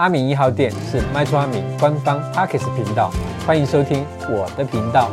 阿明一號店是賣厝阿明官方 Podcast 頻道，歡迎收聽我的頻道。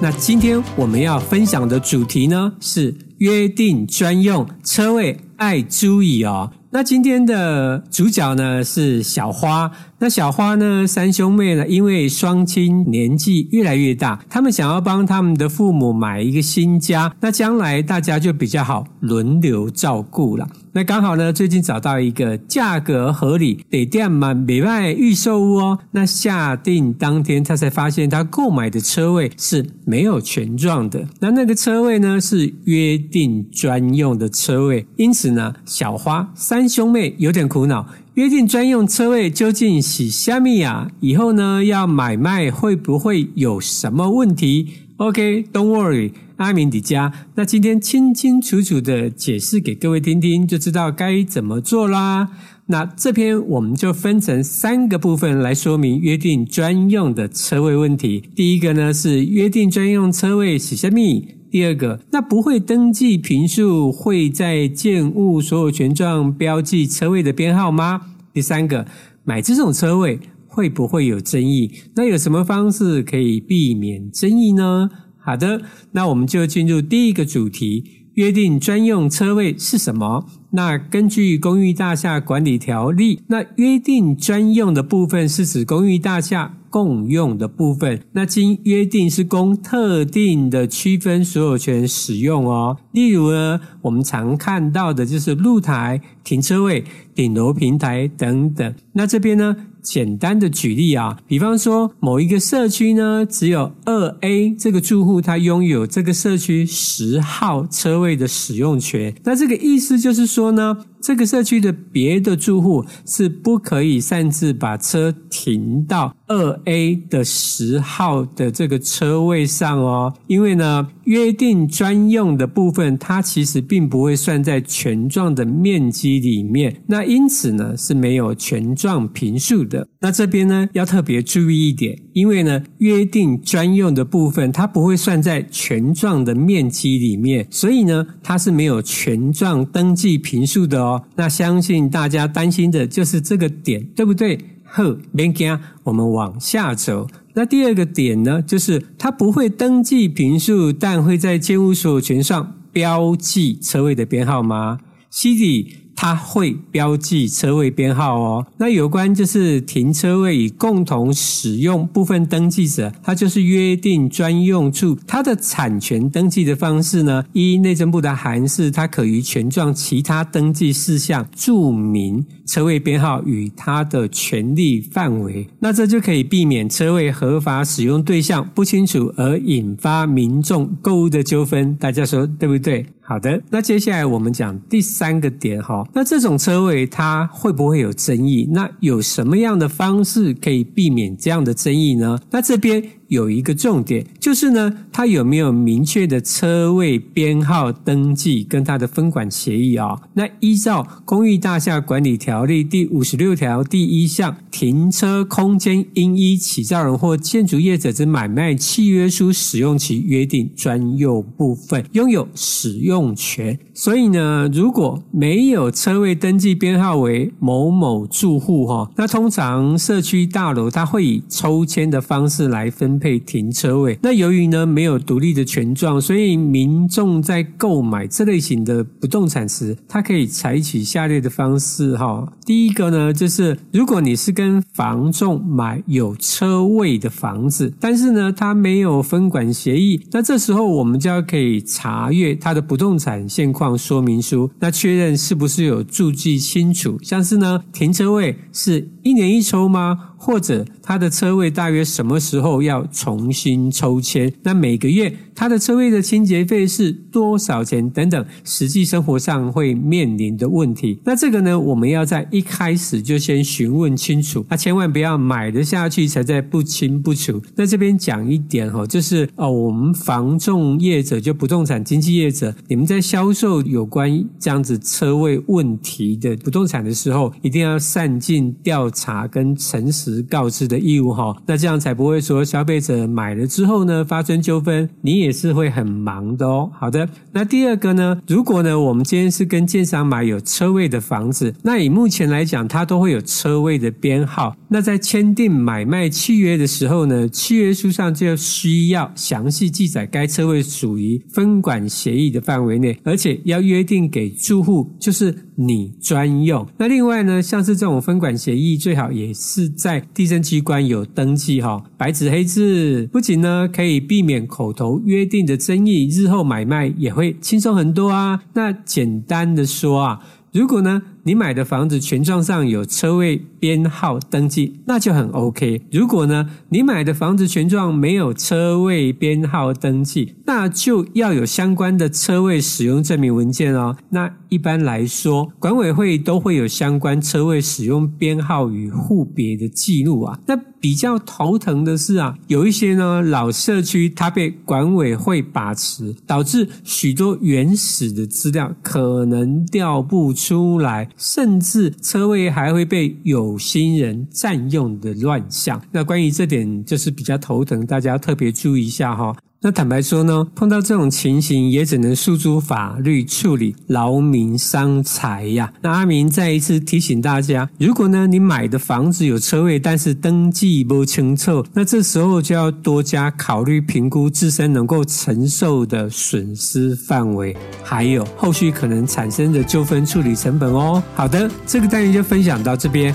那今天我們要分享的主題呢，是約定專用車位愛注意哦。那今天的主角呢，是小花。那小花呢，三兄妹呢，因為雙親年紀越來越大，他們想要幫他們的父母買一個新家，那將來大家就比較好輪流照顧了。那剛好呢，最近找到一個價格合理、地點蠻，別外預售屋哦。那下定當天，他才發現他購買的車位是沒有權狀的。那那個車位呢，是約定專用的車位，因此呢，小花三。三兄妹有點苦惱，約定專用車位究竟是蝦米呀？以後呢，要買賣會不會有什麼問題？OK，don't worry，阿明滴家。那今天清清楚楚的解釋給各位聽聽，就知道該怎麼做啦。那這篇我們就分成三個部分來說明約定專用的車位問題。第一個呢，是約定專用車位是蝦米。第二個，那不會登記坪數，會在建物所有權狀標記車位的編號嗎？第三個，買這種車位會不會有爭議？那有什麼方式可以避免爭議呢？好的，那我們就進入第一個主題，約定專用車位是什麼？那根據公寓大廈管理條例，那約定專用的部分是指公寓大廈。共用的部分，那經約定是供特定的區分所有權使用哦。例如呢，我們常看到的就是露台、停車位、頂樓平台等等。那這邊呢，簡單的舉例啊，比方說某一個社區呢，只有二 A 這個住戶他擁有這個社區十號車位的使用權。那這個意思就是說呢。這個社區的別的住戶是不可以擅自把車停到二 A 的十號的這個車位上哦，因為呢，約定專用的部分，它其實並不會算在權狀的面積裡面，那因此呢是沒有權狀平數的。那這邊呢要特別注意一點。因為呢，約定專用的部分，它不會算在權狀的面積裡面，所以呢，它是沒有權狀登記坪數的哦。那相信大家擔心的就是這個點，對不對？呵，別急啊，我們往下走。那第二個點呢，就是它不會登記坪數但會在建物所有權狀上標記車位的編號嗎？City。它會標記車位編號哦。那有關就是停車位以共同使用部分登記者，它就是約定專用處。它的產權登記的方式呢？一內政部的函示，它可於權狀其他登記事項注明車位編號與它的權利範圍。那這就可以避免車位合法使用對象不清楚而引發民眾購物的糾紛。大家說對不對？好的，那接下來我們講第三個點哈。那這種車位它會不會有爭議？那有什麼樣的方式可以避免這樣的爭議呢？那這邊。有一個重點，就是呢，它有沒有明確的車位編號登記跟它的分管協議啊、哦？那依照《公寓大廈管理條例》第五十六條第一項，停車空間應依起造人或建築業者之買賣契約書，書使用其約定專用部分擁有使用權。所以呢，如果沒有車位登記編號為某某住戶哈、哦，那通常社區大樓它會以抽籤的方式來分。配停車位，那由於呢沒有獨立的權狀，所以民眾在購買這類型的不動產時，它可以採取下列的方式哈。第一個呢，就是如果你是跟房仲買有車位的房子，但是呢它沒有分管協議，那這時候我們就要可以查閱它的不動產現況說明書，那確認是不是有註記清楚，像是呢停車位是。一年一抽嗎？或者他的車位大約什麼時候要重新抽籤？那每個月他的車位的清潔費是多少錢？等等，實際生活上會面臨的問題。那這個呢，我們要在一開始就先詢問清楚。啊，千萬不要買得下去才在不清不楚。那這邊講一點哈、哦，就是哦，我們房仲業者就不動產經紀業者，你們在銷售有關這樣子車位問題的不動產的時候，一定要善盡調。查跟誠實告知的義務哈，那這樣才不會說消費者買了之後呢，發生糾紛，你也是會很忙的哦。好的，那第二個呢，如果呢，我們今天是跟建商買有車位的房子，那以目前來講，它都會有車位的編號。那在簽訂買賣契約的時候呢，契約書上就需要詳細記載該車位屬於分管協議的範圍內，而且要約定給住戶就是你專用。那另外呢，像是這種分管協議。最好也是在地政機關有登記哈，白紙黑字，不僅呢可以避免口頭約定的爭議，日後買賣也會輕鬆很多啊。那簡單的說啊，如果呢。你買的房子權狀上有車位編號登記，那就很 OK。如果呢，你買的房子權狀沒有車位編號登記，那就要有相關的車位使用證明文件哦。那一般來說，管委會都會有相關車位使用編號與戶別的記錄啊。那比較頭疼的是啊，有一些呢老社區，它被管委會把持，導致許多原始的資料可能調不出來。甚至車位還會被有心人占用的亂象，那關於這點就是比較頭疼，大家要特別注意一下哈。那坦白說呢，碰到這種情形也只能訴諸法律處理，勞民傷財呀。那阿明再一次提醒大家，如果呢你買的房子有車位，但是登記不清楚，那這時候就要多加考慮評估自身能夠承受的損失範圍，還有後續可能產生的糾紛處理成本哦。好的，這個單元就分享到這邊。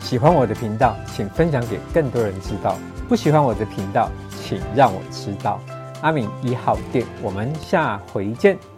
喜歡我的頻道，請分享給更多人知道；不喜歡我的頻道，請讓我知道。阿明，一號店，我們下回見。